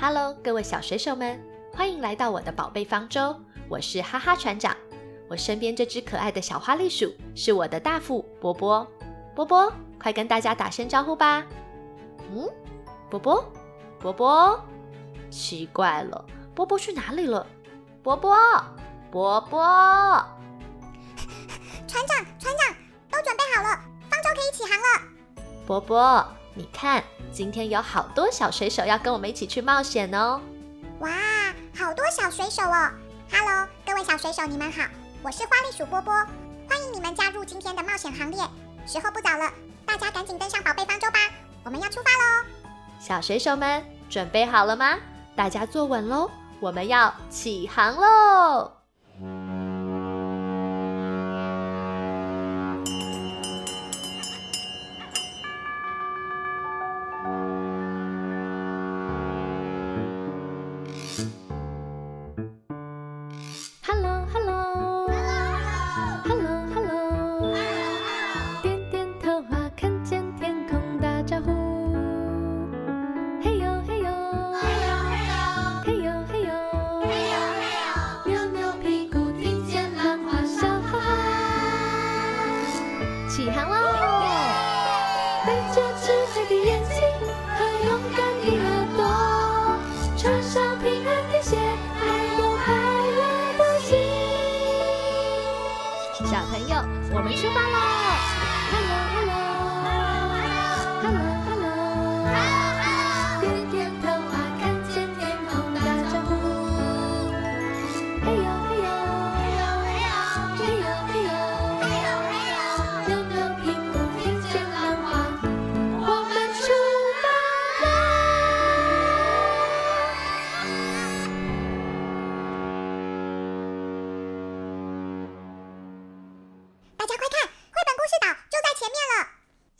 Hello，各位小水手們，歡迎來到我的寶貝方舟。我是哈哈船長，我身邊這隻可愛的小花栗鼠是我的大副波波。波波，快跟大家打聲招呼吧。嗯，波波，波波，奇怪了，波波去哪裡了？波波，波波，船長，船長，都準備好了，方舟可以起航了。波波，你看。今天有好多小水手要跟我們一起去冒險哦！哇，好多小水手哦！哈嘍，各位小水手，你們好，我是花栗鼠波波，歡迎你們加入今天的冒險行列。時候不早了，大家趕緊登上寶貝方舟吧，我們要出發嘍！小水手們，準備好了嗎？大家坐穩嘍，我們要起航嘍！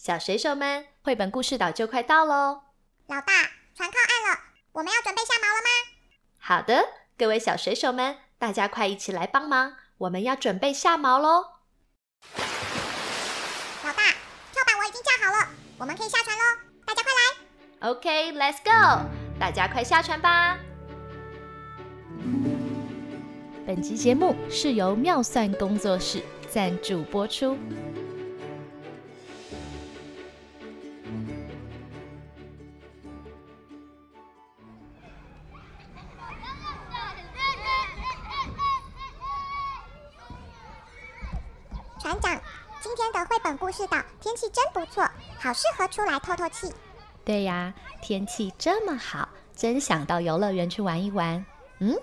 小水手們，繪本故事島就快到嘍！老大，船靠岸了，我們要準備下錨了嗎？好的，各位小水手們，大家快一起來幫忙，我們要準備下錨嘍！老大，跳板我已經架好了，我們可以下船嘍！大家快來！OK，Let's go，大家快下船吧！本集節目是由妙蒜工作室贊助播出。好適合出來透透氣。對呀，天氣這麼好，真想到遊樂園去玩一玩。嗯，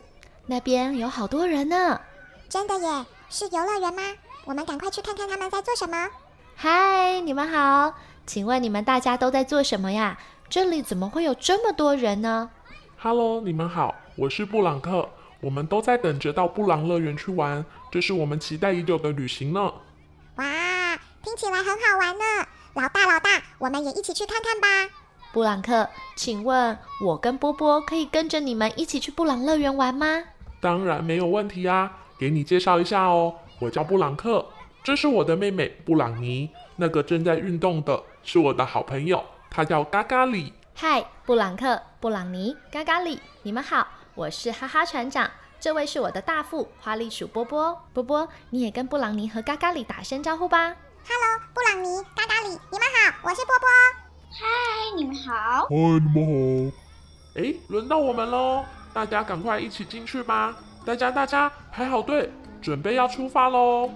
那邊有好多人呢。真的耶，是遊樂園嗎？我們趕快去看看他們在做什麼。嗨，你們好，請問你們大家都在做什麼呀？這裡怎麼會有這麼多人呢？Hello，你們好，我是布朗克。我們都在等着到布朗樂園去玩，這是我們期待已久的旅行呢。哇，聽起來很好玩呢。老大，老大，我們也一起去看看吧。布朗克，請問我跟波波可以跟着你們一起去布朗樂園玩嗎？當然沒有問題啊！給你介紹一下哦，我叫布朗克，這是我的妹妹布朗妮，那個正在運動的是我的好朋友，她叫嘎嘎里。嗨，布朗克、布朗妮、嘎嘎里，你們好，我是哈哈船長。這位是我的大副花栗鼠波波，波波，你也跟布朗妮和嘎嘎里打聲招呼吧。哈嘍，Hello, 布朗尼、嘎嘎里，你們好，我是波波。嗨，你們好。嗨，你們好。哎、欸，輪到我們嘍！大家趕快一起進去吧。大家，大家排好隊，準備要出發嘍。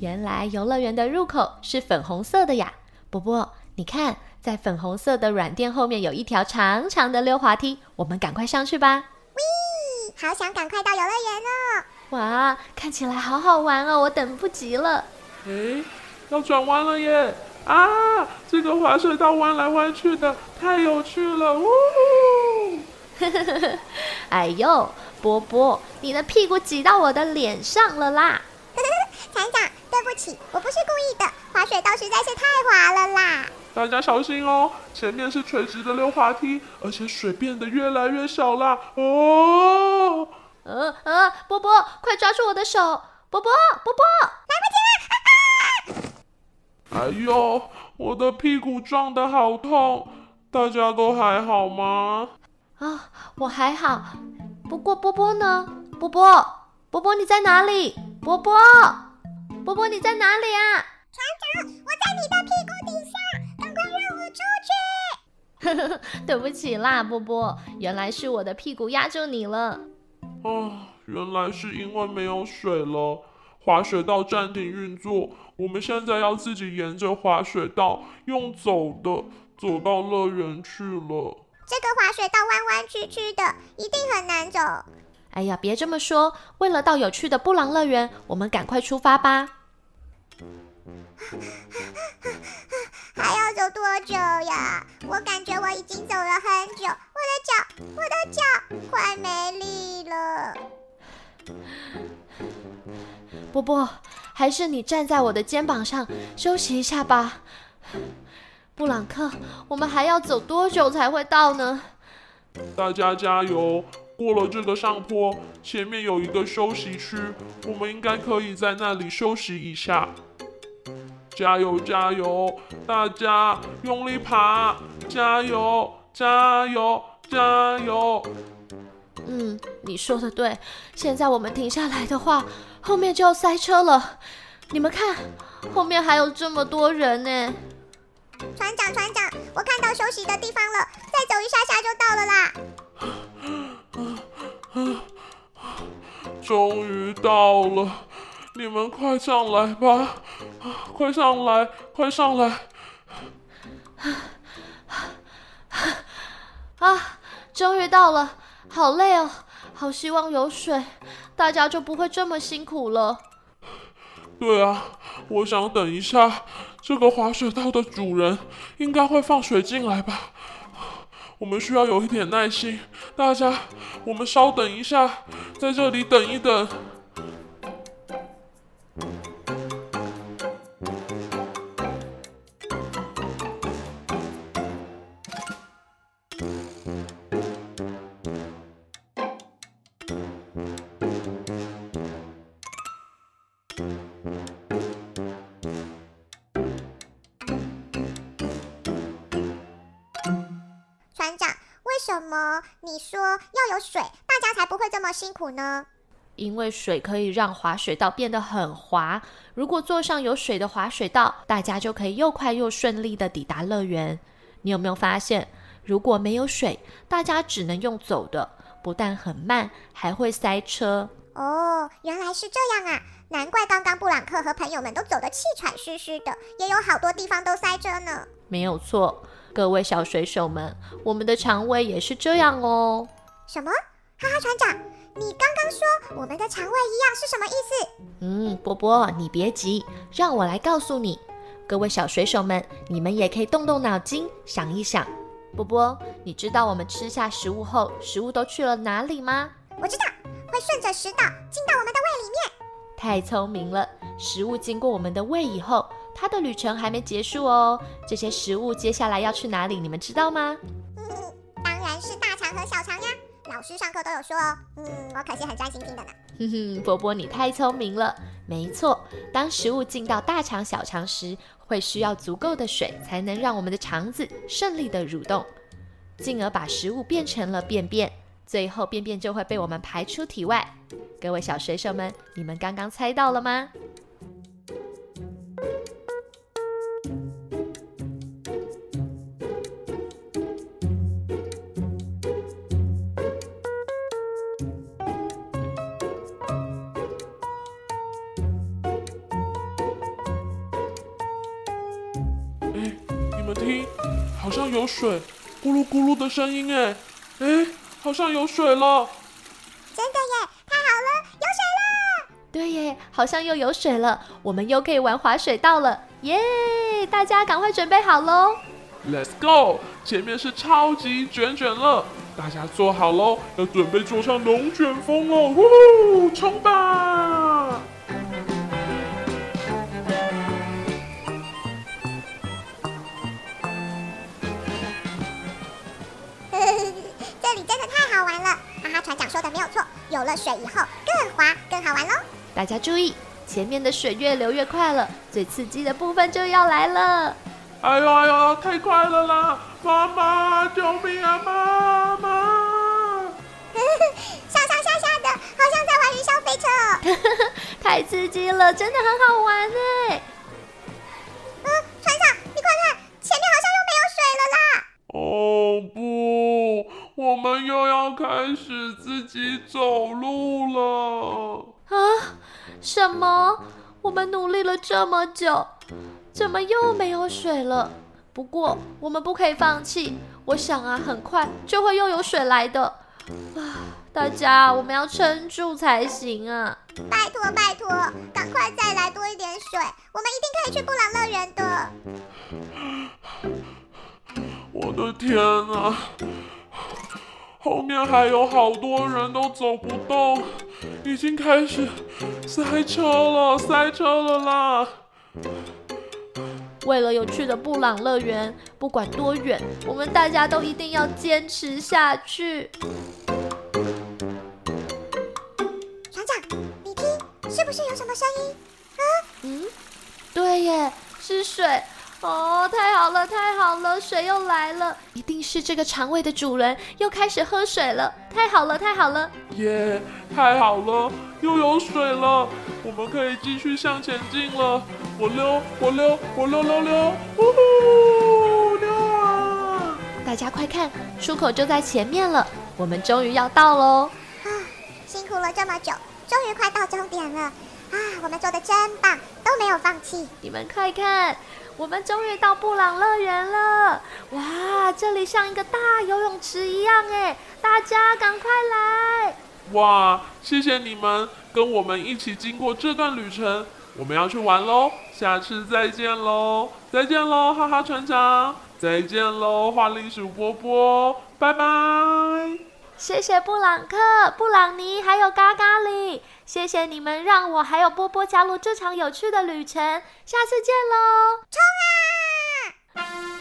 原來遊樂園的入口是粉紅色的呀，波波，你看，在粉紅色的軟墊後面有一條長長的溜滑梯，我們趕快上去吧。喂，好想趕快到遊樂園哦！哇，看起來好好玩哦，我等不及了。哎，要轉彎了耶！啊，這個滑水道彎來彎去的，太有趣了。嗚呼，呵呵呵呵，哎呦，波波，你的屁股擠到我的臉上了啦！對不起，我不是故意的，滑水道實在是太滑了啦！大家小心哦，前面是垂直的溜滑梯，而且水變得越來越少啦！哦，嗯嗯、呃，波波，快抓住我的手！波波，波波，來不及了！啊啊哎呦，我的屁股撞得好痛！大家都還好嗎？啊、哦，我還好，不過波波呢？波波，波波你在哪裡？波波！波波，你在哪裡啊？船長，我在你的屁股底下，趕快讓我出去！ 對不起啦，波波，原來是我的屁股壓住你了。啊，原來是因為沒有水了，滑雪道暫停運作，我們現在要自己沿着滑雪道用走的走到樂園去了。這個滑雪道彎彎曲曲的，一定很難走。哎呀，別這麼說！為了到有趣的布朗樂園，我們趕快出發吧！還要走多久呀？我感覺我已經走了很久，我的腳，我的腳快沒力了。波波，還是你站在我的肩膀上休息一下吧。布朗克，我們還要走多久才會到呢？大家加油！過了這個上坡，前面有一個休息區，我們應該可以在那裡休息一下。加油加油，大家用力爬！加油加油加油！加油！嗯，你說的對，現在我們停下來的話，後面就要塞車了。你們看，後面還有這麼多人呢。船長船長，我看到休息的地方了，再走一下下就到了啦。終於到了，你們快上來吧，啊、快上來，快上來！啊，終於到了，好累哦，好希望有水，大家就不會這麼辛苦了。對啊，我想等一下，這個滑雪道的主人應該會放水進來吧。我們需要有一點耐心，大家，我們稍等一下，在這裡等一等。辛苦呢，因為水可以讓滑水道變得很滑。如果坐上有水的滑水道，大家就可以又快又順利的抵達樂園。你有沒有發現，如果沒有水，大家只能用走的，不但很慢，還會塞車。哦，原來是這樣啊！難怪剛剛布朗克和朋友們都走得氣喘吁吁的，也有好多地方都塞車呢。沒有錯，各位小水手們，我們的腸胃也是這樣哦。什麼？哈哈，船長。你剛剛說我們的腸胃一樣是什麼意思？嗯，波波，你別急，讓我來告訴你。各位小水手們，你們也可以動動腦筋想一想。波波，你知道我們吃下食物後，食物都去了哪裡嗎？我知道，會順着食道進到我們的胃裡面。太聰明了！食物經過我們的胃以後，它的旅程還沒結束哦。這些食物接下來要去哪裡，你們知道嗎？嗯，當然是大腸和小腸呀。老師上課都有說哦，嗯，我可是很專心聽的呢。哼哼，波波你太聰明了。沒錯，當食物進到大腸小腸時，會需要足夠的水，才能讓我們的腸子順利的蠕動，進而把食物變成了便便，最後便便就會被我們排出體外。各位小水手們，你們剛剛猜到了嗎？水，咕嚕咕嚕的聲音哎，哎、欸，好像有水了！真的耶，太好了，有水了！對耶，好像又有水了，我們又可以玩滑水道了，耶、yeah！大家趕快準備好嘍，Let's go！前面是超級捲捲了，大家坐好嘍，要準備坐上龍捲風嘍，呼呼，衝吧！完玩了，啊、哈哈！船長說的沒有錯，有了水以後更滑，更好玩嘍！大家注意，前面的水越流越快了，最刺激的部分就要來了！哎呦哎呦，太快了啦！媽媽，救命啊！媽媽！ 上上下下的，好像在玩雲霄飛車哦！ 太刺激了，真的很好玩哎！自己走路了啊？什麼？我們努力了這麼久，怎麼又沒有水了？不過我們不可以放棄。我想啊，很快就會又有水來的。啊，大家啊，我們要撐住才行啊！拜托拜托，趕快再來多一點水，我們一定可以去布朗樂園的。我的天啊！後面還有好多人都走不動，已經開始塞車了，塞車了啦！為了有趣的布朗樂園，不管多遠，我們大家都一定要堅持下去。船長，你聽，是不是有什麼聲音？啊、嗯？嗯，對耶，是水。哦，太好了，太好了，水又來了，一定是這個腸胃的主人又開始喝水了，太好了，太好了，耶，yeah, 太好了，又有水了，我們可以繼續向前進了，我溜，我溜，我溜我溜溜，嗚嗚嗚，大家快看，出口就在前面了，我們終於要到嘍，啊，辛苦了這麼久，終於快到終點了，啊，我們做得真棒，都沒有放棄，你們快看。我們終於到布朗樂園了！哇，這裡像一個大游泳池一樣哎，大家趕快來！哇，謝謝你們跟我們一起經過這段旅程，我們要去玩嘍，下次再見嘍，再見嘍，哈哈船長，再見嘍，花栗鼠波波，拜拜。謝謝布朗克、布朗尼，還有嘎嘎里，謝謝你們讓我還有波波加入這場有趣的旅程。下次見嘍！衝啊！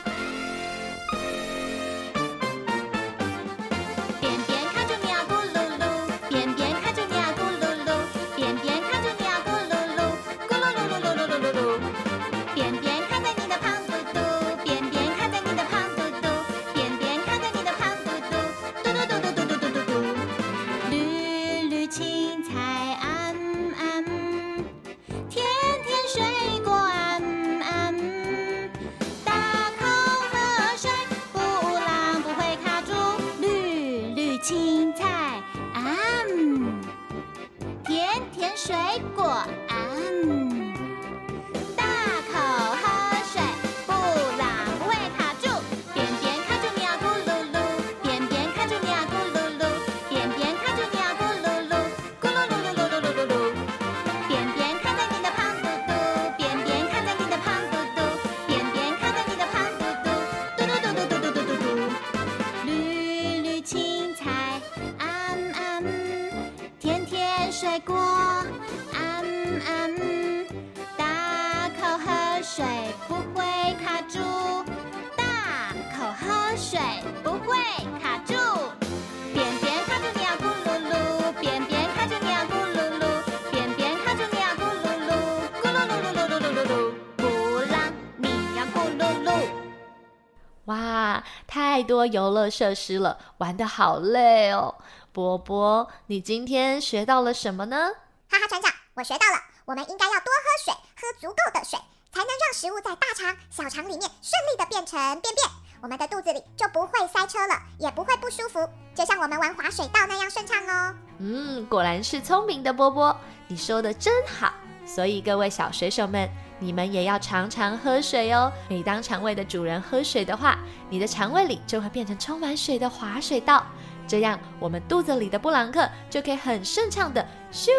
太多遊樂設施了，玩得好累哦。波波，你今天學到了什麼呢？哈哈船長，我學到了，我們應該要多喝水，喝足夠的水，才能讓食物在大腸、小腸裡面順利的變成便便，我們的肚子裡就不會塞車了，也不會不舒服，就像我們玩滑水道那樣順暢哦。嗯，果然是聰明的波波，你說的真好。所以各位小水手們。你們也要常常喝水哦。每當腸胃的主人喝水的話，你的腸胃裡就會變成充滿水的滑水道，這樣我們肚子裡的布朗克就可以很順暢的咻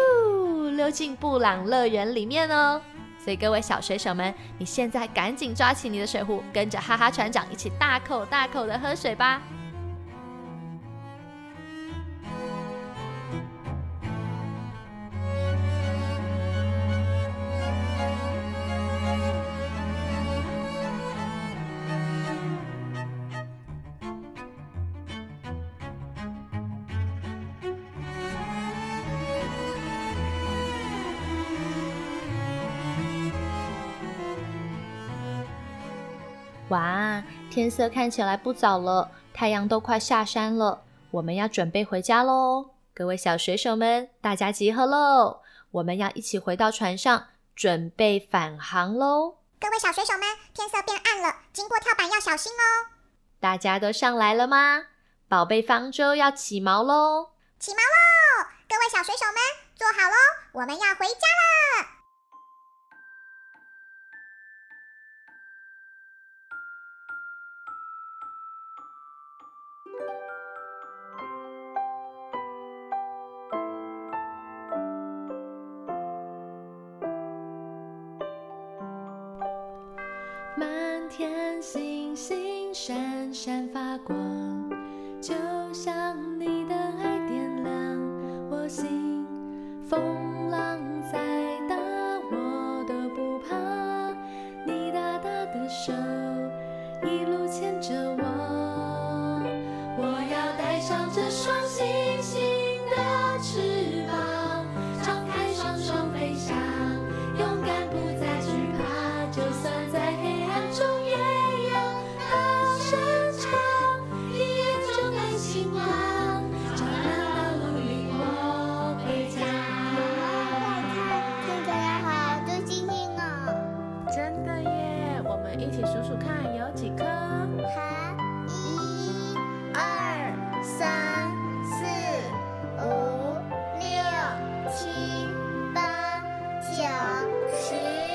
溜進布朗樂園裡面哦。所以各位小水手們，你現在趕緊抓起你的水壺，跟着哈哈船長一起大口大口的喝水吧。哇，天色看起來不早了，太陽都快下山了，我們要準備回家嘍！各位小水手們，大家集合嘍！我們要一起回到船上，準備返航嘍！各位小水手們，天色變暗了，經過跳板要小心哦！大家都上來了嗎？寶貝方舟要起錨嘍！起錨嘍！各位小水手們，坐好嘍！我們要回家了。天星星閃閃發光，就像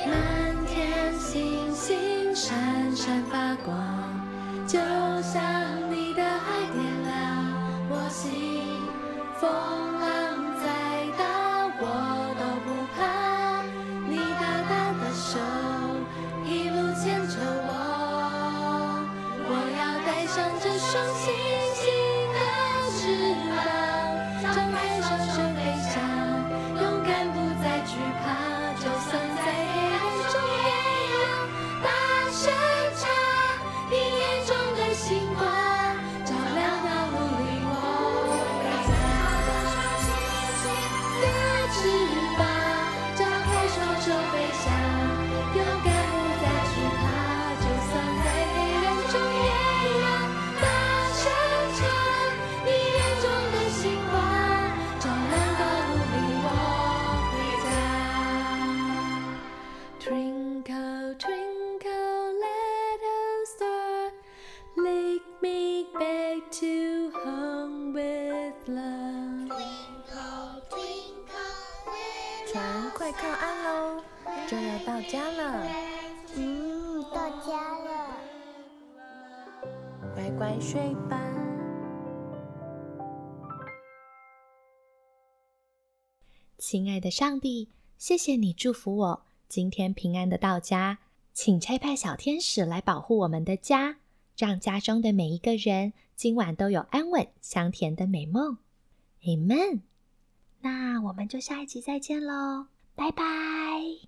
滿天星星閃閃發光，就像你的愛點亮我心。快靠岸嘍，就要到家了。嗯，到家了，乖乖睡吧。親愛的上帝，謝謝你祝福我今天平安的到家，請差派小天使來保護我們的家，讓家中的每一個人今晚都有安穩香甜的美夢。Amen。那我們就下一集再見嘍。拜拜。